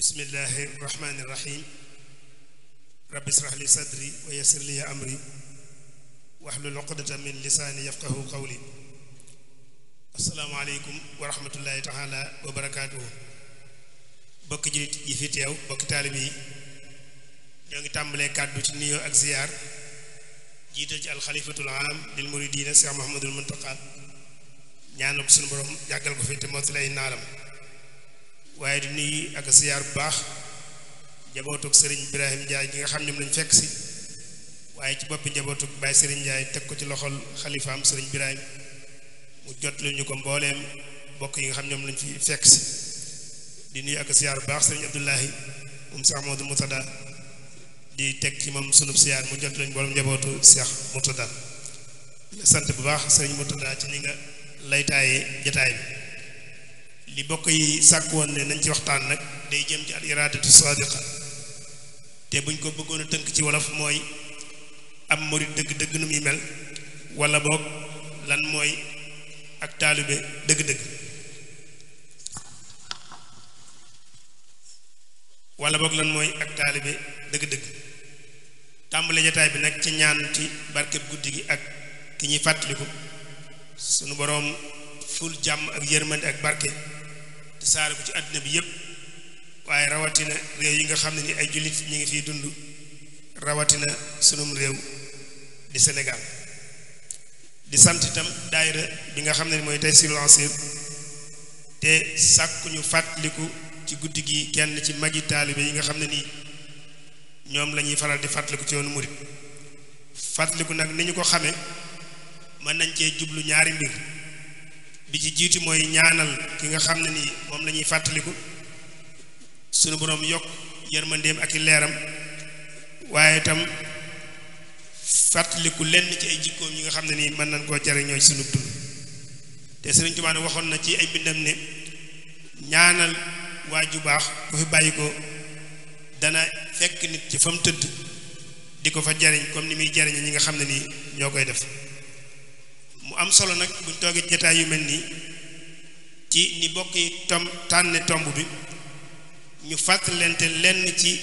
bismillahi rahmaani rahim rabbi israh li sadri wa yassir li amri wahlul uqdata min lisaani yafqahu qawli asalaamaaleykum wa rahmatullahi taala wa bokki jullit yi fi teew bokki taalib yi ñoo ngi tàmbalee kàddu ci nuyoo ak ziyaar jiital ci alxalifatul aam lil muridina Cheikh Mouhamadul Muntaqa ñaanal ko suñu borom yàggal ko fi te mottali ay naalam waaye di nuyu ak siyaar bu baax njabootug sëriñ Ibrahim Ndiaye gi nga xam ne lañu lañ fekk si waaye ci boppi njabootug Baye sëriñ Ndiaye teg ko ci loxol xalifaam sëriñ Ibrahim mu jot lu ñu ko mbooleem bokk yi nga xam ñoom lañu fi fekk si di nuyu ak siyaar bu baax sëriñ Abdullahi moom Cheikh Modou Moutada di teg ci moom sunub siyaar mu jot lañ mboolem njabootu Cheikh Moutada sant bu baax sëriñ Moutada ci ni nga laytaaye jataay bi li bokk yi sàkk woon ne nañ ci waxtaan nag day jëm ci al iradatu sadiqa buñ ko bëggoon a tënk ci wolof mooy am murid dëgg-dëgg nu mel wala boog lan mooy ak taalibe dëgg-dëgg wala boog lan mooy ak taalibe dëgg-dëgg tàmbale jataay bi nag ci ñaan ci barkeb guddi gi ak ki ñuy fàttaliku sunu boroom ful jàmm ak yërmande ak barke te saare ko ci àddina bi yëpp waaye rawatina réew yi nga xam ne ni ay jullit ñu ngi fiy dund rawatina sunum réew di Sénégal di sant itam daayira bi nga xam ne mooy tey si te sàkku ñu fàttaliku ci guddi gi kenn ci magi taalibe yi nga xam ne nii ñoom lañuy faral di fàttaliku ci yoonu murit fàttaliku nag ni ñu ko xamee mën nañ cee jublu ñaari mbir bi ci jiitu mooy ñaanal ki nga xam ne nii moom lañuy fàttaliku sunu boroom yokk yërmandeem ak i leeram waaye itam fàttaliku lenn ci ay jikkoom yi nga xam ne nii mën nañ koo jariñoo ci sunu dund te Sëriñ Tuubaa waxoon na ci ay bindam ne ju baax fi bàyyi ko dana fekk nit ci fa tëdd di ko fa jariñ comme ni muy jariñ ñi nga xam ne nii ñoo koy def mu am solo nag buñ toogee jataay yu mel nii ci ni bokk yi tom tànne tomb bi ñu fàttalente lenn ci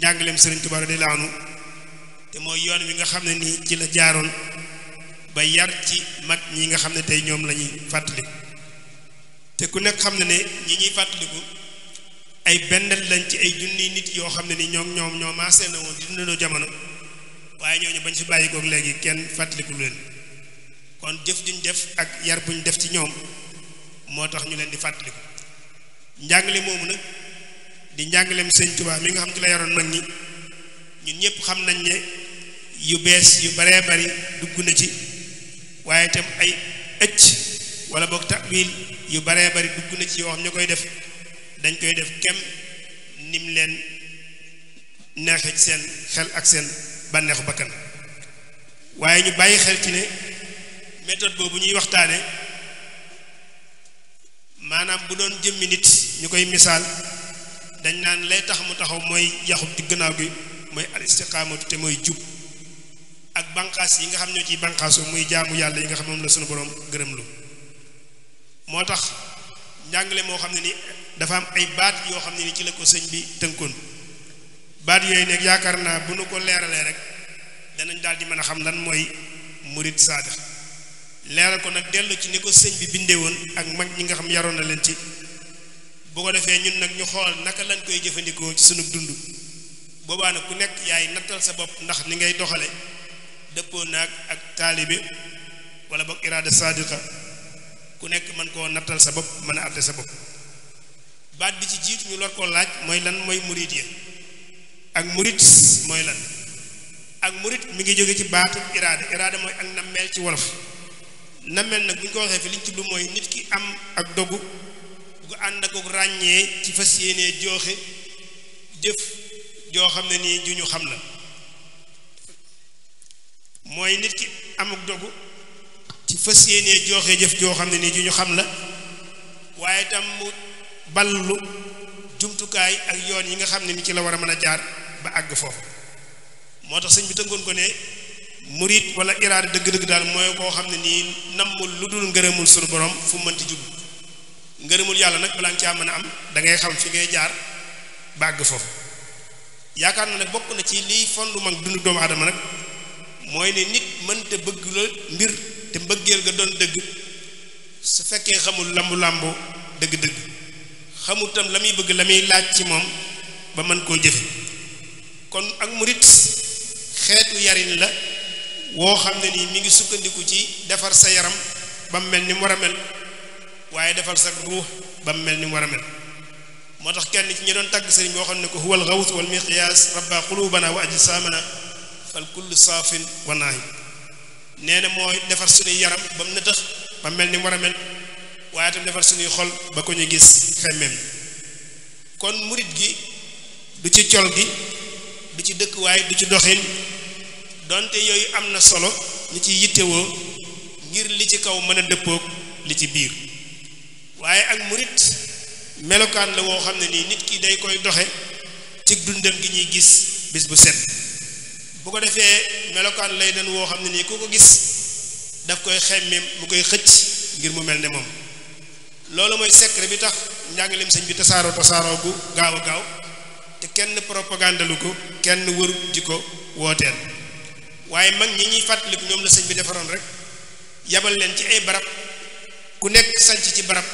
njàngaleem Sëriñ Tuubaa di laanu te mooy yoon wi nga xam ne nii ci la jaaroon ba yar ci mat ñi nga xam ne tey ñoom lañuy ñuy fàttaliku te ku nekk xam ne ne ñi ñuy fàttaliku ay benn lañ ci ay junni nit yoo xam ne ni ñoom ñoom ñoo maasee na woon di dundandoo jamono waaye ñooñu bañ fi bàyyi koog léegi kenn fàttaliku leen. kon jëf juñ def ak yar ñu def ci ñoom moo tax ñu leen di fàttaliku njàngale moomu nag di njàngaleem sëñ Tuubaa mi nga xam ci la yaroon mag ñi ñun ñëpp xam nañ ne yu bees yu baree bari dugg na ci waaye tam ay ëcc wala boog tawil yu baree bari dugg na ci yoo xam ñu koy def dañ koy def kem nim leen neexe seen xel ak seen bànneexu bakkan waaye ñu bàyyi xel ci ne méthode boobu ñuy waxtaane maanaam bu doon jëmmi nit ñu koy misaal dañ naan lay tax mu taxaw mooy yaxub di gannaaw bi mooy al istiqaamatu te mooy jub ak banqaas yi nga xam ñoo ci banqaasu muy jaamu yàlla yi nga xam moom la sunu borom gërëm lu moo tax njàngale moo xam ne ni dafa am ay baat yoo xam ne ni ci la ko sëñ bi tënkoon baat yooyu nekk yaakaar naa bu nu ko leeralee rek danañ daal di mën a xam lan mooy murid saadax leeral ko nag dellu ci ni ko sëñ bi bindee woon ak mag ñi nga xam yaroon na leen ci boo ko defee ñun nag ñu xool naka lañ koy jëfandikoo ci sunu dund boobaa nag ku nekk yaay nattal sa bopp ndax ni ngay doxale dëppoo naag ak taalibe wala boog iraada sadiqa ku nekk mën koo nattal sa bopp mën a àtte sa bopp baat bi ci jiitu ñu lor koo laaj mooy lan mooy murit yi ak murit mooy lan ak murit mi ngi jóge ci baatu iraada iraada mooy ak nammeel ci wolof na mel nag bu ñu ko waxee fi liñ ci lu mooy nit ki am ak dogu gu ànd ak ràññee ci fas yéenee jooxe jëf joo xam ne nii ju ñu xam la mooy nit ki dogu ci fas yéenee jooxe jëf joo xam ne nii ju xam la waaye tam mu ballu jumtukaay ak yoon yi nga xam ne ni ci la war a mën a jaar ba àgg foofu moo tax sëñ bi tëngoon ko ne murit wala iraada dëgg-dëgg daal mooy koo xam ne nii nammul lu dul ngërëmul sunu borom fu mu mënti jub ngërëmul yàlla nag balaa nga caa mën a am da ngay xam fi ngay jaar bàgg foofu yaakaar na nag bokk na ci liy fondement dundu doomu aadama nag mooy ne nit mënta bëgg la mbir te mbëggeel nga doon dëgg su fekkee xamul lambu làmbu dëgg-dëgg xamul tam la muy bëgg la muy laaj ci moom ba mën koo jëfe kon ak murit xeetu yarin la woo xam ne nii mu ngi sukkandiku ci defar sa yaram ba mu mel ni mu war a mel waaye defar sa ruux ba mu mel ni mu war a mel moo tax kenn ci ñi doon tàgg sëriñ boo xam ne ko huwal gawus wal miqyaas rabba qulubana wa ajsamana fal kullu saafin wa nee na mooy defar suñuy yaram ba mu ba mel ni war a mel waaye tam defar suñuy xol ba ko ñu gis xemmeem kon murit gi du ci col gi du ci dëkk dëkkuwaay du ci doxin donte yooyu am na solo ni ci yittewoo ngir li ci kaw mën a dëppoog li ci biir waaye ak murit melokaan la woo xam ne nii nit ki day koy doxe ci dundam gi ñuy gis bis bu set bu ko defee melokaan lay doon woo xam ne nii ku ko gis daf koy xemmem mu koy xëcc ngir mu mel ne moom loolu mooy secret bi tax njàngaleem sëñ bi tasaaroo tasaaroo gu gaaw gaaw te kenn propagandalu ko kenn wër ji ko wooteel waaye mag ñi ñuy fàttaliku ñoom la sëñ bi defaroon rek yabal leen ci ay barab ku nekk sanc ci barab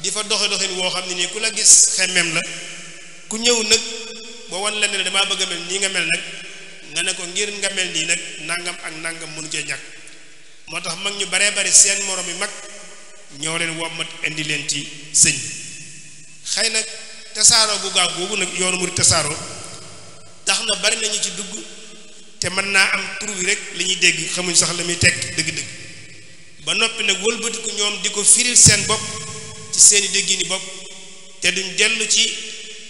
di fa doxe doxin woo xam ne nii ku la gis xemmeem la ku ñëw nag ba wan la ne damaa bëgg a mel nii nga mel nag nga ne ko ngir nga mel nii nag nangam ak nangam mënu cee ñàkk moo tax mag ñu baree bari seen morom yi mag ñoo leen wommat indi leen ci sëñ xëy nag tasaaroo gu gaaw googu nag yoonu mu di tasaaroo tax na bari nañu ci dugg te mën naa am tur rek li ñuy dégg xamuñ sax la muy teg dëgg-dëgg ba noppi nag wëlbati ko ñoom di ko firil seen bopp ci seen seeni déggini bopp te duñ dellu ci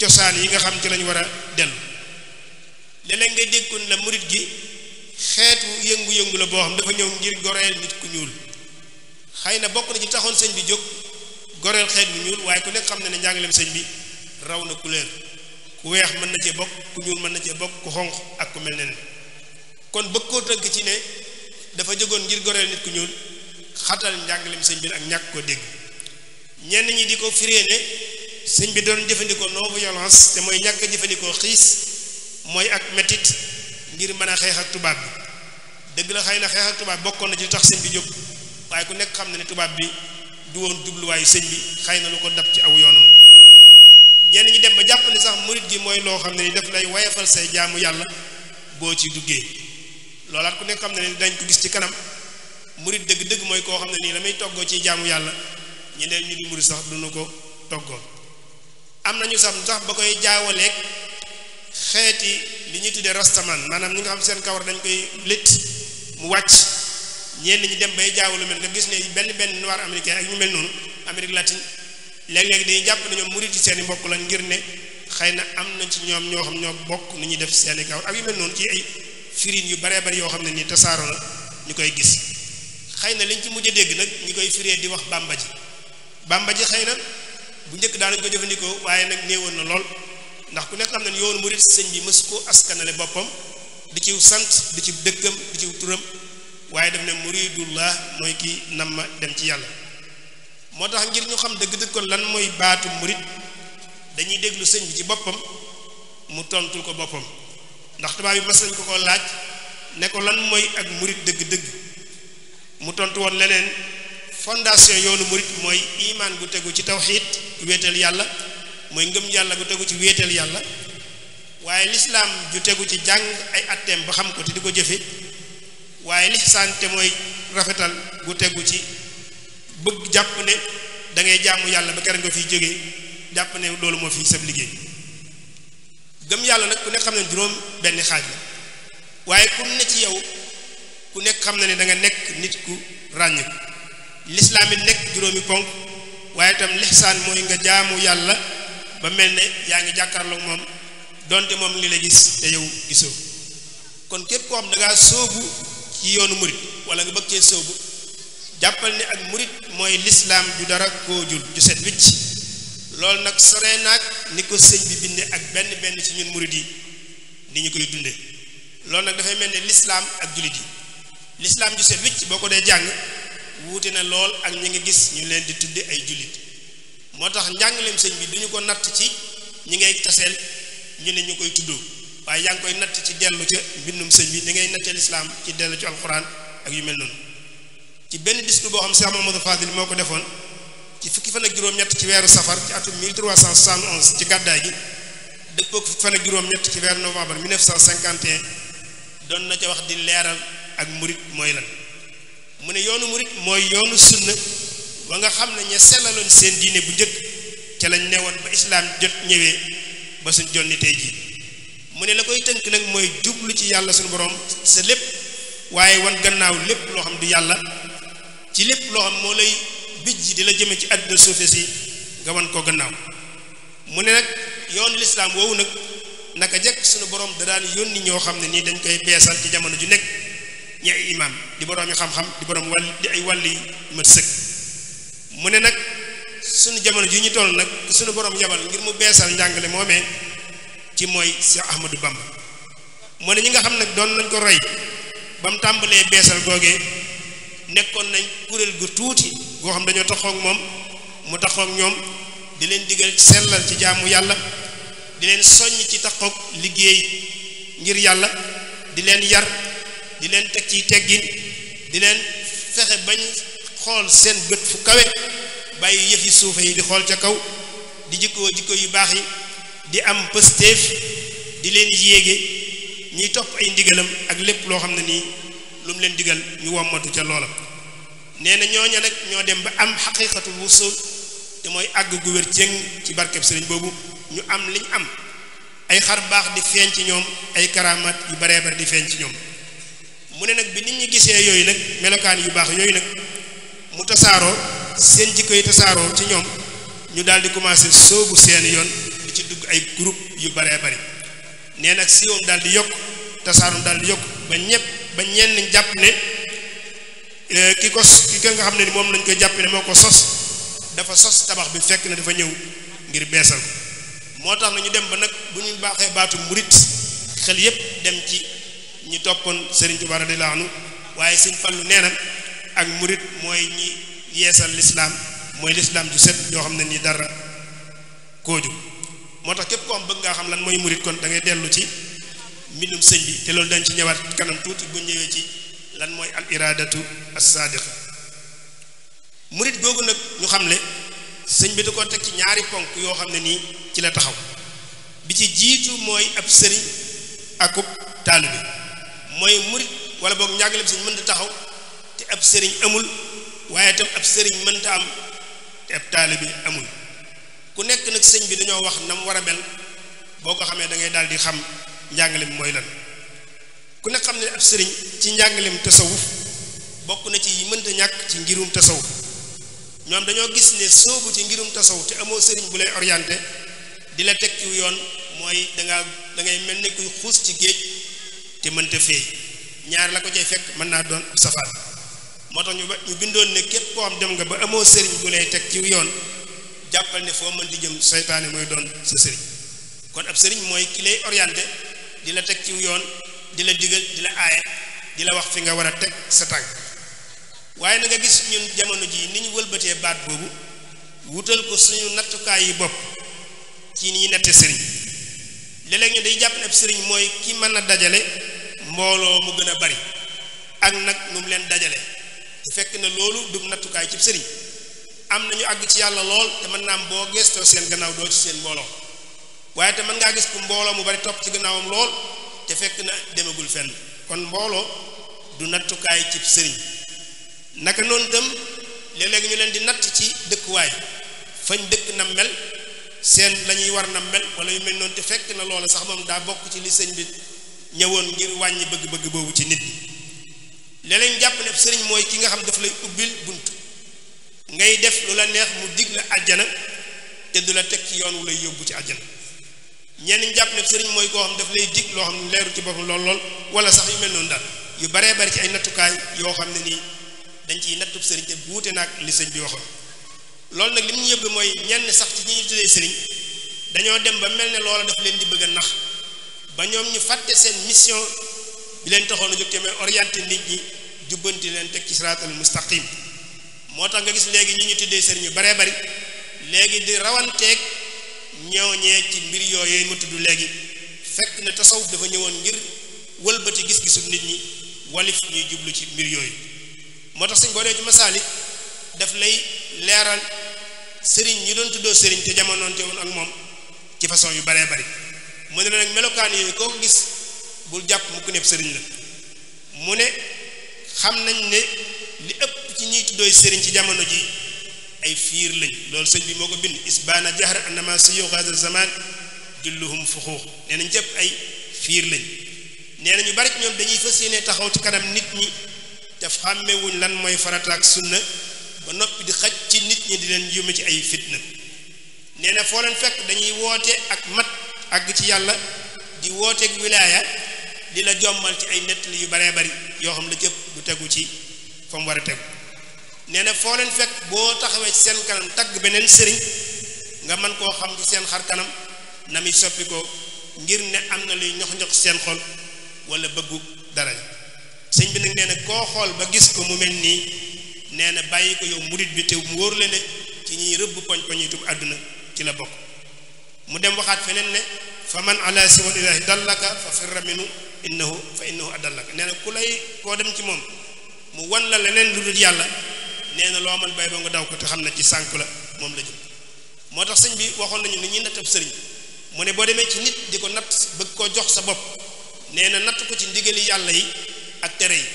cosaan yi nga xam ci lañu war a dellu léeg-léeg ngay dégg ko la murit gi xeetu yëngu-yëngu la boo xam ne dafa ñëw ngir goreel nit ku ñuul xëy na bokk na ci taxoon sëñ bi jóg goreel xeet bu ñuul waaye ku nekk xam ne ne njàngaleem sëñ bi raw na couleur ku weex mën na cee bokk ku ñuul mën na cee bokk ku xonq ak ku mel ne kon bëgg koo tënk ci ne dafa jógoon ngir goreel nit ku ñuul xatal njàngalem sëñ bi ak ñàkk ko dégg ñenn ñi di ko firee ne sëñ bi doon jëfandikoo non violence te mooy ñàkk a jëfandikoo xiis mooy ak metit ngir mën a xeex tubaab bi dëgg la xëy na xeex tubaab bokkoon na ci tax sëñ bi jóg waaye ku nekk xam na ne tubaab bi du woon jubluwaayu sëñ bi xëy na lu ko dab ci aw yoonam ñenn ñi dem ba jàpp ne sax murit gi mooy loo xam ne daf lay wayafal say jaamu yàlla boo ci duggee loolaat ku nekk xam ne ne dañ ko gis ci kanam murit dëgg-dëgg mooy koo xam ne nii damay toggoo ci jaamu yàlla ñu ne ñu di murit sax ko toggoo am nañu sax sax koy jaawaleeg xeeti li ñuy tuddee rastaman maanaam ñi nga xam seen kawar dañ koy lit mu wàcc ñenn ñi dem bay jaawalu mel nga gis ne benn benn noir américain ak ñu mel noonu Amérique latine léeg-léeg dañuy jàpp ne ñoom murit yi seen i mbokk lañ ngir ne xëy na am na ci ñoom ñoo xam ñoo bokk ni ñuy def seen i kawar ak yu mel noonu ci ay firin yu baree bari yoo xam ne ni tasaaro la ñu koy gis xëy na liñ ci mujj a dégg nag ñu koy firee di wax bàmba ji bàmba ji xëy na bu njëkk daanañ ko jëfandikoo waaye nag néewoon na lool ndax ku nekk xam ne ni yoonu murit sëñ bi mës koo askanale boppam di ciw sant di ci dëkkam di ciw turam waaye daf ne muridullah mooy kii nam ma dem ci yàlla moo tax ngir ñu xam dëgg dëkk kon lan mooy baatu murit dañuy déglu sëñ bi ci boppam mu tontul ko boppam ndax tubaab yi mas nañ ko ko laaj ne ko lan mooy ak murit dëgg-dëgg mu tontu woon leneen fondation yoonu murit mooy imaan gu tegu ci tawxiid wéetal yàlla mooy ngëm yàlla gu tegu ci wéetal yàlla waaye lislaam ju tegu ci jàng ay atteem ba xam ko te di ko jëfe waaye lixsaan te mooy rafetal gu tegu ci bëgg jàpp ne da ngay jaamu yàlla ba keroog nga fiy jóge jàpp ne loolu moo fi sab liggéey gëm yàlla nag ku nekk xam ne juróom benn xaaj la waaye ku ne ci yow ku nekk xam na ni danga nekk nit ku ràññiku lislaam nekk juróomi ponk waaye itam lixsaan mooy nga jaamu yàlla ba mel ne yaa ngi jàkkaarloog moom donte moom ngi la gis te yow gisoo kon képp koo xam da ngaa ci yoonu murit wala nga bëgg cee sóobu jàppal ne ak murit mooy lislaam ju dara koo jul ju set wicc loolu nag sore nag ni ko sëñ bi bindee ak benn benn ci ñun murid yi ni ñu koy dunde loolu nag dafay mel ne lislaam ak jullit yi lislaam ju set wicc boo ko dee jàng wuute na lool ak ñu ngi gis ñu leen di tudde ay jullit moo tax njàngaleem sëñ bi du ñu ko natt ci ñu ngay taseel ñu ne ñu koy tuddoo waaye yaa ngi koy natt ci dellu ca mbindum sëñ bi ni ngay nattee lislaam ci dellu ci alquran ak yu mel noonu ci benn discours boo xam Cheikh Mamadou Fadil moo ko defoon ci fukki fan ak juróom-ñett ci weeru safar ci atum 1371 ci gàddaay gi dëppook fukki fan ak juróom-ñett ci weeru novembre 1951 doon na ca wax di leeral ak murit mooy lan mu ne yoonu murit mooy yoonu sunna ba nga xam na ña sellaloon seen diine bu njëkk ca lañ newoon ba islaam jot ñëwee ba suñ jonni tey jii mu ne la koy tënk nag mooy jublu ci yàlla suñu borom sa lépp waaye wan gannaaw lépp loo xam du yàlla ci lépp loo xam moo lay bijj di la jëme ci àdduna suufe si nga wan ko gannaaw mu ne nag yoon lislaam woowu nag naka jekk suñu borom da daan yónni ñoo xam ne nii dañ koy beesal ci jamono ju nekk ñi ay imaam di borom yi xam-xam di borom wàll di ay wàll yi mat sëkk mu ne nag suñu jamono ji ñu toll nag suñu borom yabal ngir mu beesal njàngale moomee ci mooy Cheikh Ahmadou Bamba mu ne ñi nga xam nag doon lañ ko roy ba mu tàmbalee beesal googee nekkoon nañ kuréel gu tuuti goo xam dañoo taxook moom mu taxoog ñoom di leen digal sellal ci jaamu yàlla di leen soññ ci taxoog liggéey ngir yàlla di leen yar di leen teg ciy teggin di leen fexe bañ xool seen bët fu kawe bàyyi yëf yi suufe yi di xool ca kaw di jikkoo jikko yu baax yi di am pëstéef di leen yéege ñuy topp ay ndigalam ak lépp loo xam ne nii lu mu leen digal ñu wommatu ca loola nee na ñooña nag ñoo dem ba am xaqiqatul wusul te mooy àgg gu wér ci barkeb sëriñ boobu ñu am liñ am ay xar baax di feeñ ci ñoom ay karaamat yu baree di feeñ ci ñoom mu ne nag bi nit ñi gisee yooyu nag melokaan yu baax yooyu nag mu tasaaroo seen jikko yi tasaaroo ci ñoom ñu daal di commencé soobu seen yoon di ci dugg ay groupe yu baree bari nee nag siiwam daal di yokk tasaaroom daal di yokk ba ñëpp ba ñenn jàpp ne Euh, ki ko ki nga xam ne ni moom lañ koy jàpp ne moo ko sos dafa sos tabax bi fekk na dafa ñëw ngir beesal moo tax nañu dem ba nag bu ñu baaxee baatu murit xel yépp dem ci ñu toppoon Serigne Touba radiyallahu anhu waaye Serigne Fallou nee na ak murit mooy ñi yeesal lislaam mooy lislaam ju set ñoo xam ne nii dara kooju moo tax képp koo am bëgg ngaa xam lan mooy murit kon da ngay dellu ci mbindum sëñ bi te loolu dañ ci ñëwaat kanam tuuti bu ñëwee ci lan mooy al iradatu as-sadiqa murit googu nag ñu xam ne sëñ bi da ko teg ci ñaari ponk yoo xam ne nii ci la taxaw bi ci jiitu mooy ab sëriñ akub taalibe mooy murit wala boog njàngale bi sëñ mënta taxaw te ab sëriñ amul waaye tam ab sëriñ mënta am te ab taalibe amul ku nekk nag sëñ bi dañoo wax nam war a mel boo ko xamee dangay ngay daal di xam njàngale bi mooy lan ku ne xam ne ab sëriñ ci njàngaleem tasawuf bokk na ci yi mënta ñàkk ci ngirum tasawuf ñoom dañoo gis ne sóobu ci ngirum tasawuf te amoo sëriñ bu lay orienté di la teg ciw yoon mooy dangaa da ngay mel ni kuy xuus ci géej te mënta feey ñaar la ko cay fekk mën naa doon ab safaan moo ñu ba ñu bindoon ne képp koo xam dem nga ba amoo sëriñ bu lay teg ci yoon jàppal ne foo mën di jëm seytaane mooy doon di la teg ci yoon di la digal di la aaye di la wax fi nga war a teg sa tànk waaye na nga gis ñun jamono jii ni ñu wëlbatee baat boobu wutal ko suñu nattukaay yi bopp ci ni ñuy sëriñ léeg-léeg ñu day jàpp ne ab sëriñ mooy ki mën a dajale mbooloo mu gën a bari ak nag nu mu leen dajale te fekk ne loolu du nattukaay ci sëriñ am nañu àgg ci yàlla lool te mën naa am boo gestoo seen gannaaw doo ci seen mbooloo waaye te mën ngaa gis ku mbooloo mu bari topp ci gannaawam lool te fekk na demagul fenn kon mbooloo du nattukaay ci sëriñ naka noonu itam léeg-léeg ñu leen di natt ci dëkkuwaay fañ dëkk na mel seen lañuy war na mel wala yu mel noonu te fekk na loola sax moom daa bokk ci li sëñ bi ñëwoon ngir wàññi bëgg-bëgg boobu ci nit ñi léeg-léeg ne sëriñ mooy ki nga xam daf lay ubbil bunt ngay def lu la neex mu dig la àjjana te du la teg ci yoon wu lay yóbbu ci àjjana ñenn ñi jàpp ne sëriñ mooy koo xam daf lay dig loo xam ne leeru ci boppam lool lool wala sax yu mel noonu daal yu baree bari ci ay nattukaay yoo xam ne nii dañ ciy nattub sëriñ te buute naag li sëñ bi waxoon loolu nag li mu yëpp mooy ñenn sax ci ñi ñu tuddee sëriñ dañoo dem ba mel ne loola daf leen di bëgg a nax ba ñoom ñu fàtte seen mission bi leen taxoon a jóg te mooy orienté nit ñi jubbanti leen teg ci siraatal mustaqim moo tax nga gis léegi ñi ñu tuddee sëriñ yu baree bari léegi di rawanteeg ñeewñee ci mbir yooyu ma tudd léegi fekk na tasawuf dafa ñëwoon ngir wëlbati gis-gisu nit ñi walif ñuy jublu ci mbir yooyu moo tax sëñ boo dee ci daf lay leeral sëriñ ñi doon tuddoo sëriñ te jamonoonte woon ak moom ci façon yu baree bari mu ne la nag melokaan yi koo gis bul jàpp mu nekk sëriñ la mu ne xam nañ ne li ëpp ci ñuy tuddooy sëriñ ci jamono ji ay fiir lañ loolu sëñ bi moo ko bind isbaana jahra annama siyu gaza zaman julluhum fuxuux nee nañ jëpp ay fiir lañ nee na ñu bari ñoom dañuy fas yéene taxaw ci kanam nit ñi te xàmmewuñ lan mooy farata ak sunna ba noppi di xaj ci nit ñi di leen yume ci ay fitna nee na foo leen fekk dañuy woote ak mat àgg ci yàlla di wooteeg wilaaya di la jommal ci ay nettali yu baree bari yoo xam la jëpp bu tegu ci fa mu war a tegu nee na foo leen fekk boo taxawee ci seen kanam tagg beneen sëriñ nga mën koo xam ci seen xar kanam na muy soppi ko ngir ne am na luy ñox-ñox seen xol wala bëggu dara sëñ bi nag nee koo xool ba gis ko mu mel nii nee na bàyyi ko yow murit bi te mu wóor la ne ci ñuy rëbb poñ poñ yi tub àdduna ci la bokk mu dem waxaat feneen ne fa man ala siwal ilahi dallaka fa firra minu innahu fa innahu adallaka nee na ku lay koo dem ci moom mu wan la leneen lu dul yàlla nee na loo man bay ba nga daw ko te xam ne ci sànk la moom la jëm moo tax sëñ bi waxoon nañu ni ñuy nattab sëriñ mu ne boo demee ci nit di ko natt bëgg koo jox sa bopp nee na natt ko ci ndigali yàlla yi ak tere yi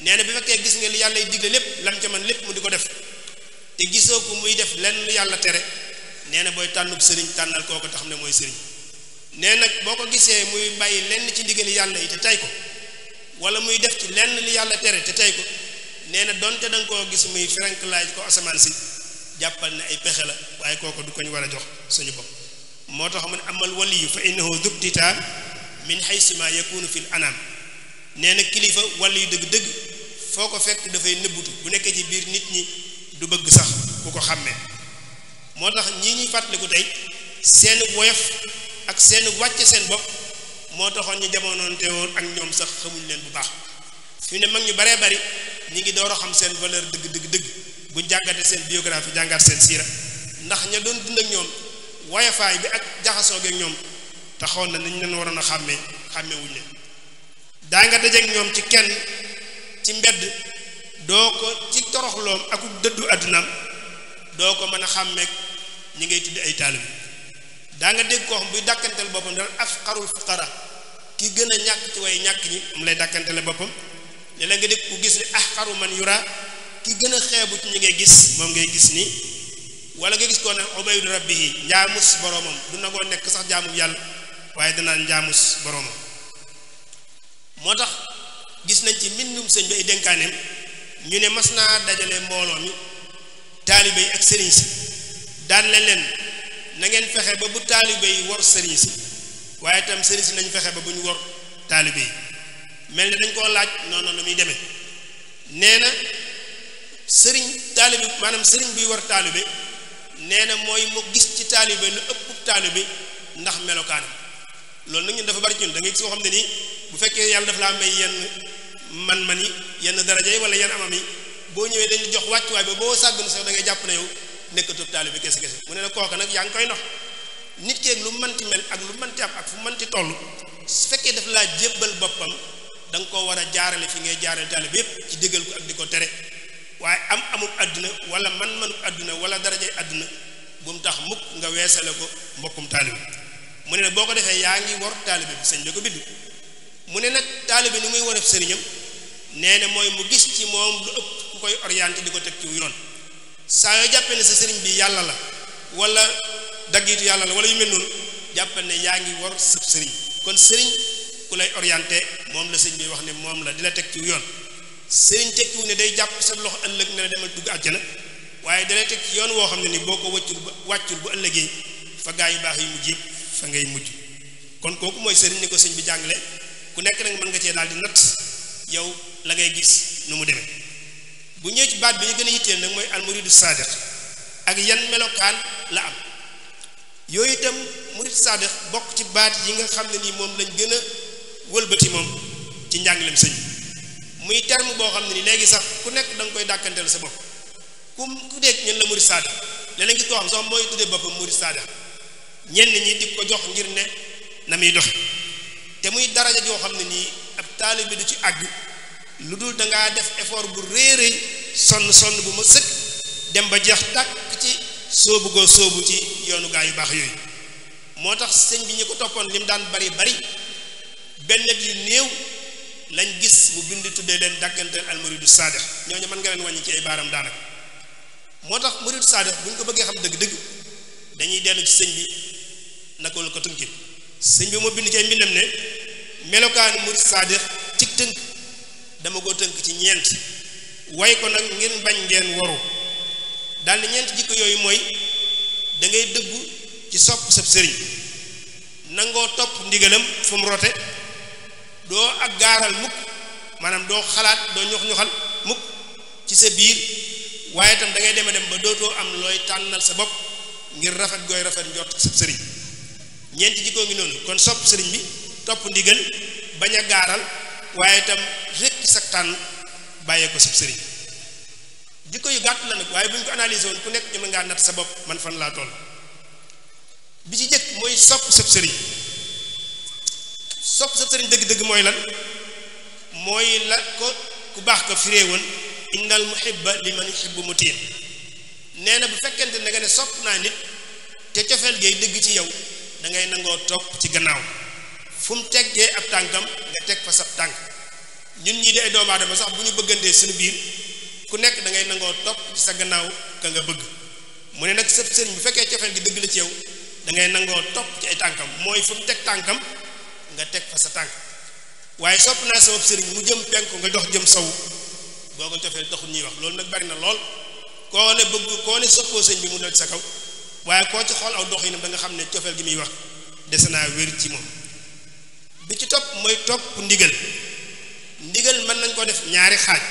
nee na bi fekkee gis nga li yàlla yi digle lépp lam ca lépp di ko def te gisoo ko muy def lenn yàlla tere nee na booy tànnub sëriñ tànnal kooku te ne mooy sëriñ nee nag boo ko gisee muy bàyyi lenn ci ndigali yàlla yi te tey ko wala muy def ci lenn li yàlla tere te tey ko nee na donte da nga koo gis muy frank laaj ko asamaan si jàppal ne ay pexe la waaye kooku du ko war a jox suñu bopp moo tax mu ne amal waliyu fa innahu dubtitaan min haysu ma yakunu fil anam nee na kilifa waliyu dëgg-dëgg foo ko fekk dafay nëbbutu bu nekkee ci biir nit ñi du bëgg sax ku ko xàmmee moo tax ñii ñuy fàttaliku tey seen woyof ak seen wàcce seen bopp moo taxoon ñu jamonoon teewoon ak ñoom sax xamuñ leen bu baax su ne mag ñu baree bari ñi ngi door a xam seen valeur dëgg dëgg dëgg bu jàngate seen biographie jàngaat seen siira ndax ña doon dund ak ñoom wayafaay bi ak jaxasoo geeg ñoom taxoon na nañ leen waroon a xàmmee xàmmee wuñ leen ñoom ci kenn ci mbedd doo ko ci toroxloom ak dëddu àddunaam doo ko mën a xàmmeeg ñi ngay tudd ay taalib daa nga dégg koo xam buy dàkkanteel boppam dal afqarul fuqara ki gën a ñàkk ci way ñàkk ñi mu lay dàkkanteele boppam ne la nga dégg ku gis ne ahqaru man yura ki gën a xeebu ci ñi ngay gis moom ngay gis nii wala nga gis koo ne ubaydu rabbihi njaamus boroomam du nagoo nekk sax jaamum yàlla waaye danaan njaamus boroomam moo tax gis nañ ci mbindum sëñ bi ay dénkaaneem ñu ne mas naa dajale mbooloo mi taalibe ak sëriñ si daan leen leen na ngeen fexe ba bu taalibe yi wor sëriñ si waaye itam sëriñ si nañ fexe ba bu ñu wor taalibe yi mel ni dañ koo laaj noonu la muy demee nee na sëriñ taalibe maanaam sëriñ buy war taalibe nee na mooy mu gis ci taalibe lu ëpp taalibe ndax melokaanam loolu nag ñun dafa bari ñun da ngay xam ne nii bu fekkee yàlla dafa laa may yenn man-man yi yenn daraja wala yenn amam boo ñëwee dañ jox wàccuwaay ba boo sàgg na sax da ngay jàpp na yow nekkatoo taalibe kese kese mu ne na kooka nag yaa ngi koy nox nit keeg lu manti mel ak lu manti am ak fu manti toll su fekkee dafa laa jébbal boppam da nga koo war a jaarale fi ngay jaarale taalib yépp ci déggal ko ak di ko tere waaye am amub àdduna wala man manub àdduna wala darajay àdduna bu mu tax mukk nga weesale ko mbokkum taalib mu ne nag boo ko defee yaa ngi war taalibe bi sëñ bi ko bind mu ne nag taalibe ni muy warab sëriñam nee na mooy mu gis ci moom lu ëpp ku koy orienté di ko teg ci wu yoon saa yoo jàppee ne sa sëriñ bi yàlla la wala daggitu yàlla la wala yu mel noonu jàppal yaa ngi war sëb sëriñ ku lay orienté moom la sëñ bi wax ne moom la di la teg ci yoon sëriñ tekkiwu ne day jàpp sa loxo ëllëg ne la demal dugg àjjana waaye da lay teg ci yoon woo xam ne ni boo ko wàccul ba wàccul bu ëllëgee fa gaa yu baax yi mujj yëpp fa ngay mujj kon kooku mooy sëriñ ni ko sëñ bi jàngale ku nekk nag mën nga cee daal di natt yow la ngay gis nu mu demee bu ñëwee ci baat bi ñu gën a yitteel nag mooy almuridu saadiq ak yan melokaan la am yooyu itam murid saadiq bokk ci baat yi nga xam ne nii moom lañ gën a wëlbati moom ci njàngaleem sëñ muy terme boo xam ne ni léegi sax ku nekk da nga koy dàkkanteel sa bopp ku ku dégg ñen la murid saada leneen gis koo xam sax mooy tuddee boppam muri saada ñenn ñi di ko jox ngir ne na muy dox te muy daraja joo xam ne nii ab taalibe du ci àgg lu dul dangaa def effort bu réeréy sonn sonn bu ma sëkk dem ba jeex tàkk ci soobu goo soobu ci yoonu gaa yu baax yooyu moo tax sëñ bi ñu ko toppoon li mu daan bari bari bennet yu néew lañ gis mu bind tuddee leen dàkkanteel al muridu saadix ñooñu mën nga leen wàññi ci ay baaram daanaka moo tax muridu saadix bu ñu ko bëggee xam dëgg-dëgg dañuy ci sëñ bi naka la sëñ bi moo bind ci ay mbindam ne melokaanu tënk dama ko tënk ci ñeent way ko nag ngir bañ ngeen waru daal di ñeent jikko yooyu mooy dangay dëggu ci sopp sab sëriñ nangoo topp ndigalam fu mu rote doo ak gaaral mukk maanaam doo xalaat doo ñox ñoxal mukk ci sa biir waaye tam dangay dem deme dem ba dootoo am looy tànnal sa bopp ngir rafet gooy rafet njort sab sëriñ ñeenti jikko ngi noonu kon sopp sëriñ bi topp ndigal bañ a gaaral waaye itam rekk sa tànn bàyyee ko sab sëriñ jikko yi gàtt la nag waaye bu ñu ko analyser woon ku nekk ñu mën ngaa natt sa bopp man fan laa toll bi ci jëkk mooy sopp sab sëriñ sopp sa sëriñ dëgg-dëgg mooy lan mooy la ko ku baax ko firee woon innal muhibba liman yuhibbu mutiin nee na bu fekkente ne nga ne sopp naa nit te cofeel gay dëgg ci yow da ngay nangoo topp ci gannaaw fu mu teggee ab tànkam teg fa sab tànk ñun ñii di ay doomu aadama sax bu ñu bëggantee suñu biir ku nekk da ngay nangoo topp sa gannaaw ka nga bëgg mu ne nag sëb sëriñ bu fekkee cofeel gi dëgg la ci yow dangay ngay nangoo topp ci ay tànkam mooy fu mu teg tànkam nga teg fa sa tànk waaye sopp naa sabab sëriñ mu jëm penku nga dox jëm saw boo ko cofee doxul ñuy wax loolu nag bari na lool koo ne bëgg koo ne soppoo sëñ bi mu dal sa kaw waaye koo ci xool aw dox yi nag da nga xam ne cofeel gi muy wax dese naa wér ci moom bi ci topp mooy topp ndigal ndigal mën nañ koo def ñaari xaaj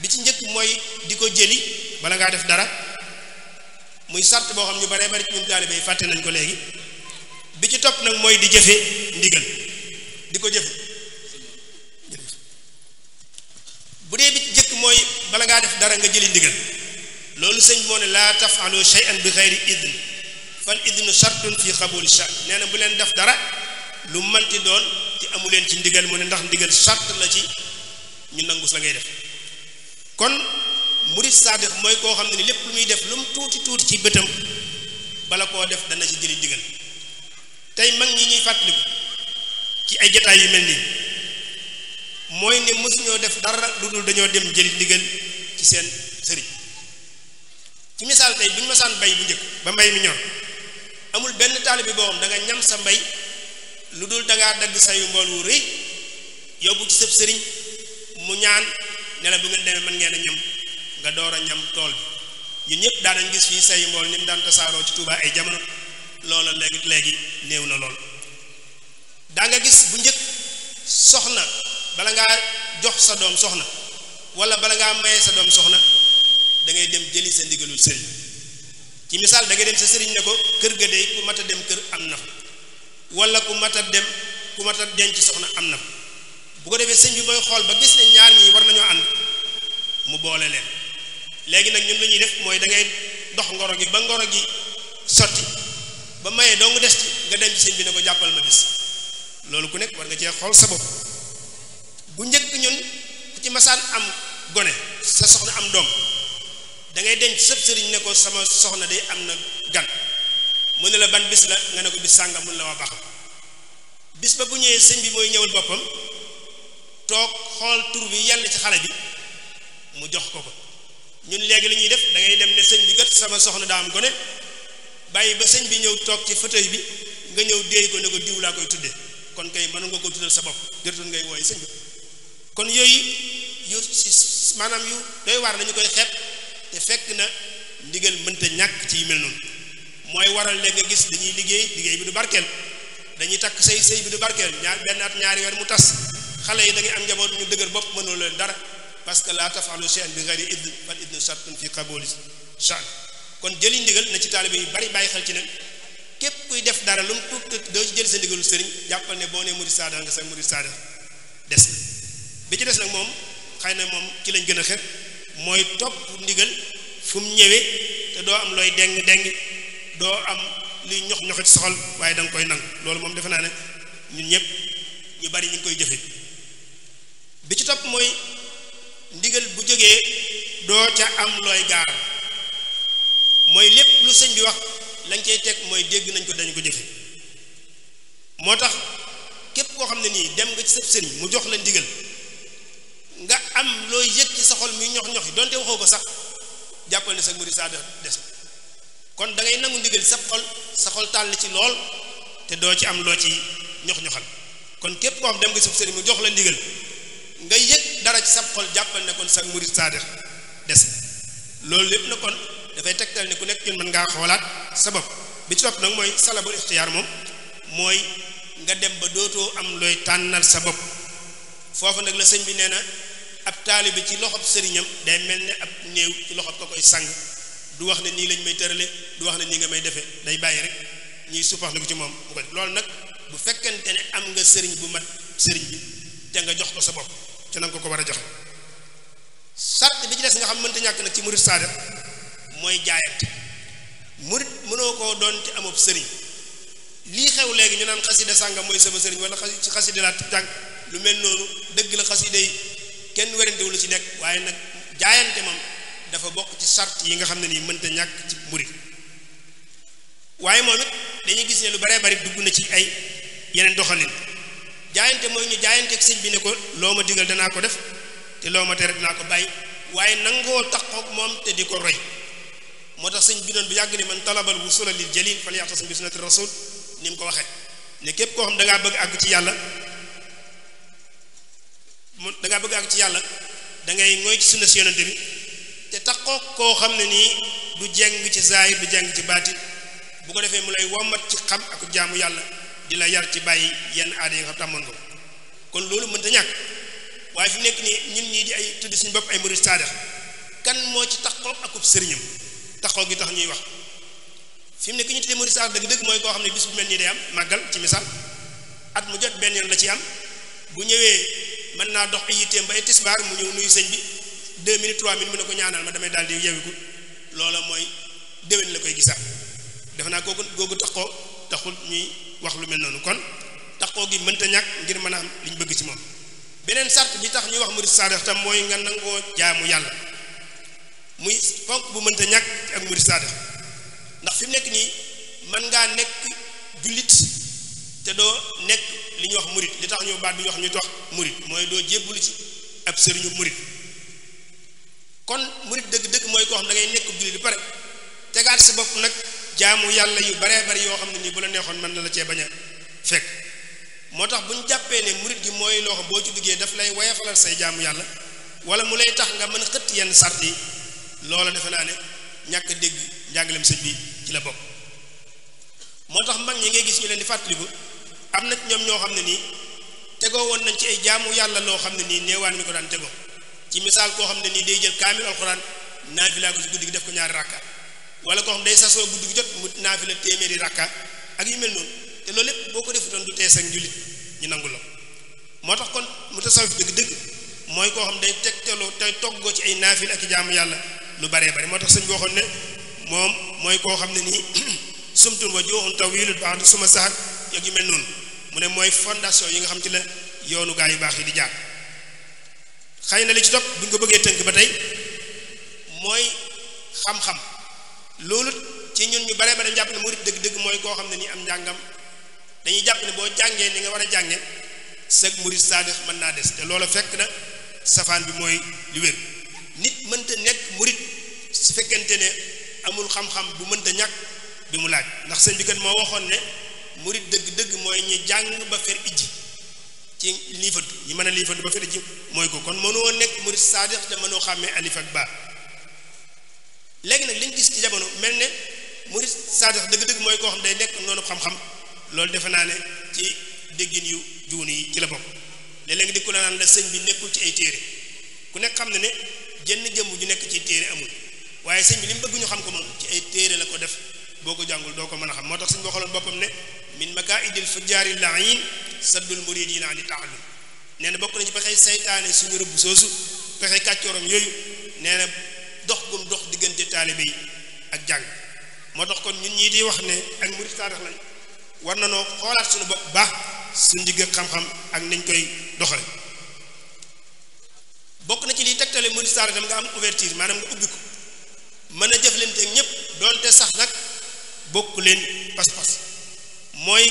bi ci njëkk mooy di ko jëli bala ngaa def dara muy sart boo xam ñu baree bari ci ñun taalibe yi fàtte nañ ko léegi bi ci topp nag mooy di jëfe ndigal di ko jëfe bu dee bi ci jëkk mooy bala ngaa def dara nga jëli ndigal loolu sëñ moo ne laa tafalu shay'an bi xayri idn fal idnu shartun fi xabuli sha nee na bu leen def dara lu manti doon te amu leen ci ndigal mu ne ndax ndigal sart la ci ñu nangu sa ngay def kon murid saadix mooy koo xam ne lépp lu muy def lu mu tuuti tuuti ci bëtam bala koo def dana ci jëli ndigal tey mag ñi ñuy fàttaliku ci ay jataay yu mel nii mooy ne mosuñoo def dara lu dul dañoo dem jëli ndigal ci seen sëriñ ci misaal tey bu ñu masaan bay bu njëkk ba mbay mi ñor amul benn taalibe boo xam da nga ñam sa mbay lu dul da dagg sayu mbool wu rëy yóbbu ci sëb sëriñ mu ñaan ne la bu ngeen demee mën ngeen a ñam nga door a ñam tool bi ñun ñëpp daanañ gis fii sayu mbool ni mu daan tasaaroo ci Tuubaa ay jamono loola léegi léegi néew na lool da nga gis bu njëkk soxna bala ngaa jox sa doom soxna wala bala ngaa maye sa doom soxna da ngay dem jëli sa ndigalul sëriñ ci misaal da ngay dem sa sëriñ ne ko kër ga dey ku mat a dem kër am na fa wala ku mat dem ku mat a denc soxna am na fa bu ko defee sëñ bi mooy xool ba gis ne ñaar ñii war nañoo ànd mu boole leen léegi nag ñun lu ñuy def mooy dangay ngay dox ngoro gi ba ngoro gi sotti ba mayee doo des ci nga dem ci sëñ bi ne ko jàppal ma bis loolu ku nekk war nga cee xool sa bopp bu njëkk ñun ku ci masaan am gone sa soxna am doom dangay denc sëb sëriñ ne ko sama soxna day am na gan mu la ban bis la nga ne ko bis sànga mun la bis ba bu ñëwee sëñ bi mooy ñëwal boppam toog xool tur bi yàlla ci xale bi mu jox ko ko ñun léegi li def da ngay dem ne sëñ bi kat sama soxna daa am gone bàyyi ba sëñ bi ñëw toog ci fauteuil bi nga ñëw déey ko ne ko diw laa koy tudde kon kay mën nga ko tuddal sa bopp jërëtul ngay wooy sëñ bi kon yooyu yu si maanaam yu doy waar nañu koy xet te fekk na ndigal mënta ñàkk ci yu mel noonu mooy waral léegi nga gis dañuy liggéey liggéey bi du barkeel dañu takk sëy sëy bi du barkeel ñaar benn at ñaari weer mu tas xale yi da ngay am njaboot ñu dëgër bopp mënoo leen dara parce laa la tafalu shay'an bi ghairi idn fal idnu shartun fi qabuli sha'n kon jëli ndigal na ci taalibe yu bari bàyyi xel ci ne képp kuy def dara lu mu tuut tuut doo ci jël sa ndigalu sëriñ jàppal ne boo nee murid saada nga sa murid saada des bi ci des nag moom xay na moom ci lañ gën a xet mooy topp ndigal fu ñëwee te doo am looy deng deng doo am li ñox ñoxi ci soxal waaye danga koy nangu loolu moom defe naa ne ñun ñëpp ñu bari ñu ngi koy jëfe bi ci topp mooy ndigal bu jógee doo ca am looy gaar mooy lépp lu sëñ bi wax lañ cay teg mooy dégg nañ ko dañu ko jëfe moo tax képp koo xam ne nii dem nga ci sëb sëriñ mu jox la ndigal nga am looy yëg ci sa xol muy ñox ñox yi donte waxoo ko sax jàppal ne sa muri saa des kon da ngay nangu ndigal sa xol sa xol ci lool te doo ci am loo ci ñox ñoxal kon képp koo xam dem nga sëb sëriñ mu jox la ndigal nga yëg dara ci sa xol jàppal ne kon sa muri des loolu lépp na kon dafay tegtal ne ku nekk ñun mën ngaa xoolaat sa bopp bi ci nag mooy salabul ixtiyaar moom mooy nga dem ba dootoo am looy tànnal sa bopp foofu nag la sëñ bi nee na ab taalibe ci loxob sëriñam day mel ne ab néew ci loxob ko koy sang du wax ne nii lañ may tërale du wax ne nii nga may defee day bàyyi rek ñuy suppaxliku ci moom bu loolu nag bu fekkente ne am nga sëriñ bu mat sëriñ bi te nga jox ko sa bopp te na ko ko war a jox sart bi ci des nga xam mënta ñàkk nag ci murid saadiq mooy jaayante murit mënoo koo doon te amub sëriñ lii xew léegi ñu naan xasida sànga mooy sama sëriñ wala xasi xasida laa tànk lu mel noonu dëgg la xasida yi kenn werantewul lu ci nekk waaye nag jaayante moom dafa bokk ci sart yi nga xam ne nii mënta ñàkk ci murit waaye dañuy gis ne lu baree dugg na ci ay yeneen doxalin jaayante mooy ñu jaayante ak sëñ bi ne ko loo ma digal danaa ko def te loo ma tere danaa ko bàyyi waaye nangoo taxoog moom te di ko roy moo tax sëñ bi bu yàgg ni man talabal wusula lil jalil falyaxtasim bi sunnati rasul ni mu ko waxee ne képp koo xam da ngaa bëgg àgg ci yàlla mu da ngaa bëgg àgg ci yàlla da ngay mooy ci sunna si yonante bi te taxoo koo xam ne nii du jeng ci zaahir du jeng ci baatin bu ko defee mu lay wommat ci xam ak jaamu yàlla di la yar ci bàyyi yenn aada yi nga tàmmoon ko kon loolu mënta ñàkk waaye fi nekk nii ñun ñii di ay tudd suñu bopp ay murid saadax kan moo ci taxoo akub sëriñam taxoo gi tax ñuy wax fi mu ne ki ñu tuddee murid dëkk dëgg mooy koo xam ne bis bu mel nii day am màggal ci misaal at mu jot benn yoon la ci am bu ñëwee mën naa dox ay yitteem ba ay tisbaar mu ñëw nuyu sëñ bi deux minutes trois minutes mu ne ko ñaanal ma damay daal di yewiku loola mooy déwén la koy gisaat defe naa kooku googu taxoo taxul ñuy wax lu mel noonu kon taxoo gi mënta ñàkk ngir mën a am bëgg ci moom beneen sart bi tax ñuy wax murid sax tam mooy nga ko jaamu yàlla muy ponk bu mënta ñàkk ci ak murid saadix ndax fi mu nekk nii man ngaa nekk jullit te doo nekk li ñu wax murit li tax ñu baat bi ñu wax ñu tax murid mooy doo jébbulu ci ab sëriñu murid kon murid dëgg-dëgg mooy koo xam da ngay nekk jullit ba pare tegaat sa bopp nag jaamu yàlla yu baree bari yoo xam ne nii bu la neexoon man na la cee bañ a fekk moo tax bu ñu jàppee ne murid gi mooy loo boo ci duggee daf lay woyafalal say jaamu yàlla wala mu lay tax nga mën a yenn sart yi loola defe naa ne ñàkk dégg njàngaleem sëñ bi ci la bokk moo tax mag ñi ngay gis ñu leen di fàttaliku am na ñoom ñoo xam ne nii tegoo woon nañ ci ay jaamu yàlla loo xam ne nii newaan mi ko daan tegoo ci misaal koo xam ne nii day jël kaamil alxuraan naafila ko si guddi def ko ñaari rakka wala koo xam day sasoo guddi gi jot mu naafila téeméeri rakka ak yu mel noonu te loolu lépp boo ko defutoon du tee sag njulit ñu nangu la tax kon mu tasawuf dëgg mooy koo xam day tegteloo tey toggoo ci ay naafil ak i jaamu yàlla lu baree bari moo tax sëñ bi waxoon ne moom mooy koo xam ne nii sumtun wa joxun taw yilut baax suma saar yog yu mel noonu mu ne mooy fondation yi nga xam ci la yoonu gaa yu baax yi di jaar xëy na li ci topp bu ñu ko bëggee tënk ba tey mooy xam-xam loolu ci ñun ñu baree ba dañu jàpp ne murid dëgg-dëgg mooy koo xam ne nii am njàngam dañuy jàpp ne boo jàngee ni nga war a jànge sëg murid saadix mën naa des te loola fekk na safaan bi mooy li wér nit mënta nekk murit su fekkente ne amul xam-xam bu mënta ñàkk bi mu laaj ndax sëñ bi kat moo waxoon ne murit dëgg-dëgg mooy ñi jàng ba fer ijji ci liifatu ñi mën a liifatu ba fer ijji mooy ko kon mënoo nekk murit saadix te mënoo xàmmee alif ak baa léegi nag liñ gis ci jamono mel ne murit saadix dëgg-dëgg mooy koo xam day nekk noonu xam-xam loolu defe naa ne ci déggin yu juun yi ci la bokk léeg-léeg di ku la naan la sëñ bi nekkul ci ay téere ku nekk xam na ne jenn jëmm ju nekk ci téere amul waaye sëñ bi bëgg ñu xam ko moom ci ay téere la ko def boo ko jàngul doo ko mën a xam moo tax sëñ bi waxaloon boppam ne min makaidil fujjaari laayin saddul muridina ani taallum nee na bokk na ci pexe saytaane suñu rëbb soosu pexe kàccooram yooyu nee na dox dox diggante taalibe yi ak jàng moo tax kon ñun ñii di wax ne ak murid taarix lañ war na noo xoolaat suñu bopp baax suñu digg xam-xam ak niñ koy doxale bokk na ci liy tegtale ministère itam nga am ouverture maanaam nga ubbi ko mën a jëflante ak ñëpp donte sax nag bokk leen pas-pas mooy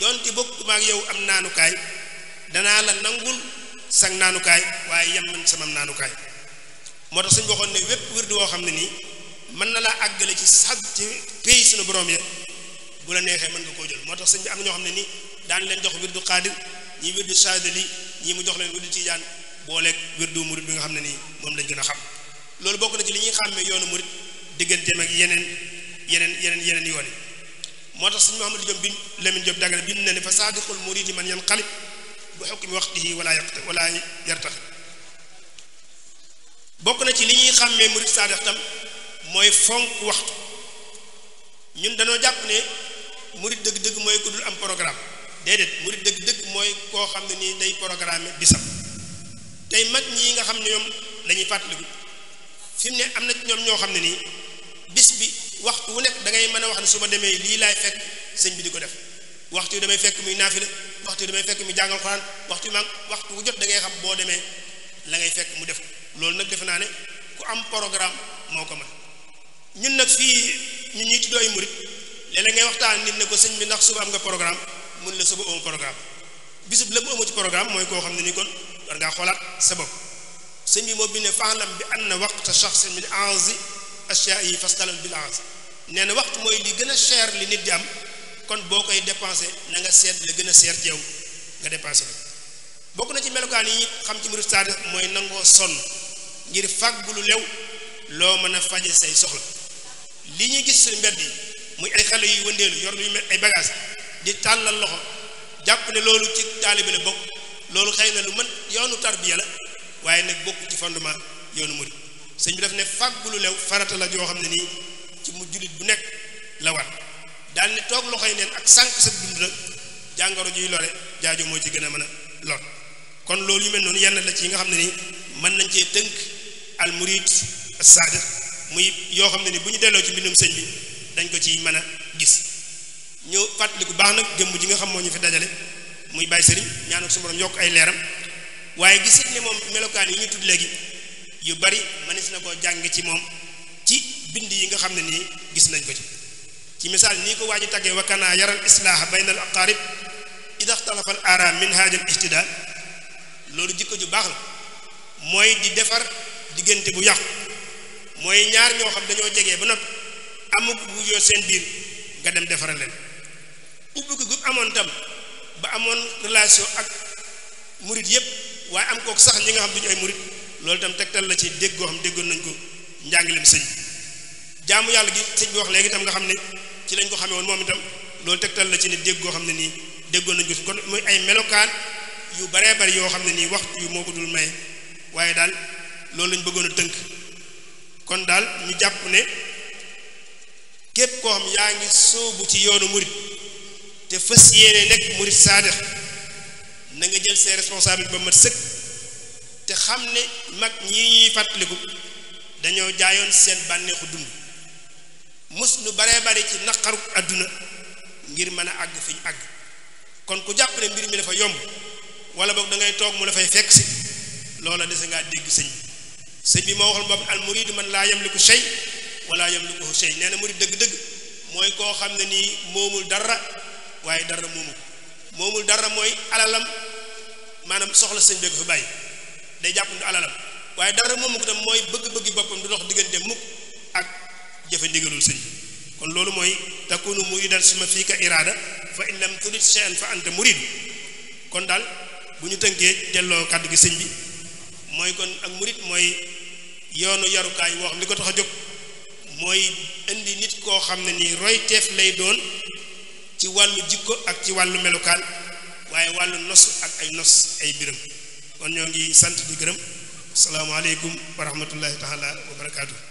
doonte bokk maag yow am naanukaay danaa la nangul sang naanukaay waaye yem man sama naanukaay moo tax suñ waxoon ne wépp wird woo xam ne nii mën na laa àggale ci sag ci pays suñu borom ya bu la neexee man nga koo jël moo tax sëñ bi am ñoo xam ne nii daan leen jox wirdu xaadir ñi wirdu saadali ñi mu jox leen wirdu tijaan booleeg du murit bi nga xam ne nii moom lañ gën a xam loolu bokk na ci li ñuy xàmmee yoonu murit digganteem ak yeneen yeneen yeneen yeneen yoon yi moo tax suñu Mouhamadou Diop bi Lamine Diop dagana bi mu ne ne fa saadiqul muridi man yanqalib bu xukmi waqtihi wala yaqta wala yartax bokk na ci li ñuy xàmmee murit saadiq tam mooy fonk waxtu ñun dañoo jàpp ne murit dëgg-dëgg mooy ku dul am programme déedéet murit dëgg-dëgg mooy koo xam ne nii day programme bisam tey mag ñii nga xam ne ñoom lañuy fàttaliku fi mu ne am na ñoom ñoo xam ne nii bis bi waxtu wu nekk da ngay mën a wax ne su ma demee lii laay fekk sëñ bi di ko def waxtu yi damay fekk muy naafila waxtu yu damay fekk muy jàngal xuraan waxtu yu mag waxtu wu jot da ngay xam boo demee la ngay fekk mu def loolu nag defe naa ne ku am programme moo ko mën ñun nag fii ñu ñuy ci dooy murit léeg-léeg ngay waxtaan nit ne ko sëñ bi ndax suba am nga programme mun la suba amu programme bisub la mu mooy koo xam ne ni kon war ngaa xoolaat sa bopp sëñ bi moo bindee faalam bi an na waqta shaxsin min anzi ashyaa yi fastalam bil anzi nee na waxtu mooy li gën a cher li nit di am kon boo koy dépensé na nga seet la gën a seer ci yow nga dépensé ko bokk na ci melukaan yi xam ci murid saadiq mooy nangoo sonn ngir fàggu lu lew loo mën a faje say soxla li ñuy gis suñu mbedd yi muy ay xale yuy wëndeelu yor lu mel ay bagage di tàllal loxo jàpp ne loolu ci taalibe la bokk loolu xëy na lu mën yoonu tarbiya la waaye nag bokk ci fondement yoonu murid sëñ bi daf ne fàggu lu lew farata la yoo xam ne nii ci mu jullit bu nekk la war daal ne toog loxoy neen ak sànq sa dund nag jàngoro juy lore jaajo moo ci gën a mën a lor kon loolu yu mel noonu yenn la ci yi nga xam ne nii mën nañ cee tënk al murid saadiq muy yoo xam ne ni bu ñu delloo ci mbindum sëñ bi dañ ko ci mën a gis ñu fàttaliku baax nag jëmm ji nga xam moo ñu fi dajale muy bàyyi sëriñ ñaanal su yokk ay leeram waaye gis ne moom melokaan yi ñu tudd léegi yu bari mënees na ko jàng ci moom ci bind yi nga xam ne nii gis nañ ko ci ci misaal nii ko waa ji taggee wakkanaa yaral islaaha bayna al aqarib ida xtalafa al ara min haajal ihtidaal loolu jikko ju baax la mooy di defar diggante bu yàqu mooy ñaar ñoo xam dañoo jege ba noppi amuk bu yoo seen biir nga dem defaral leen ubbi ko gu amoon tam ba amoon relation ak murit yëpp waaye am kooku sax ñi nga xam duñu ay murit loolu itam tegtal la ci dégg goo xam déggoon nañ ko njàngaleem sëñ jaamu yàlla gi sëñ bi wax léegi nga xam ne ci lañ ko xamee woon moom itam loolu tegtal la ci ne dégg goo xam ne nii déggoon nañ ko kon muy ay melokaan yu baree bari yoo xam ne nii waxtu yu moo ko dul may waaye daal loolu lañ bëggoon a tënk kon daal ñu jàpp ne képp koo xam yaa ngi sóobu ci yoonu murit te fas yéene nekk murit saadix na nga jël seen responsabilités ba mat sëkk te xam ne mag ñi ñuy fàttaliku dañoo jaayoon seen bànneexu dund mus lu baree bari ci naqaru àdduna ngir mën a àgg fi àgg kon ku jàpp ne mbir mi dafa yomb wala boog dangay toog mu dafay fekk si loola dese ngaa dégg sëñ bi sëñ bi moo waxal bopp al man laa yamliku shay wala yamlikuhu shay nee na murid dëgg-dëgg mooy koo xam ne nii moomul dara waaye dara moomu ko moomul dara mooy alalam maanaam soxla sëñ bi ko fa bàyyi day jàppandu alalam waaye dara moomu ko tam mooy bëgg-bëgg boppam du dox diggante mukk ak jëfe ndigalul sëñ bi kon loolu mooy takunu muridan suma fii ka iraada fa in lam turid shay'an fa anta murid kon bu ñu tënkee delloo kàddu gi sëñ bi mooy kon ak murit mooy yoonu yarukaay woo xam li ko tox a jóg mooy indi nit koo xam ne nii roy lay doon ci wàllu jikko ak ci wàllu melukaan waaye wàllu nosu ak ay nos ay biram kon ñoo ngi sant di gërëm asalaamaaleykum wa rahmatullahi taala wa barakaatu.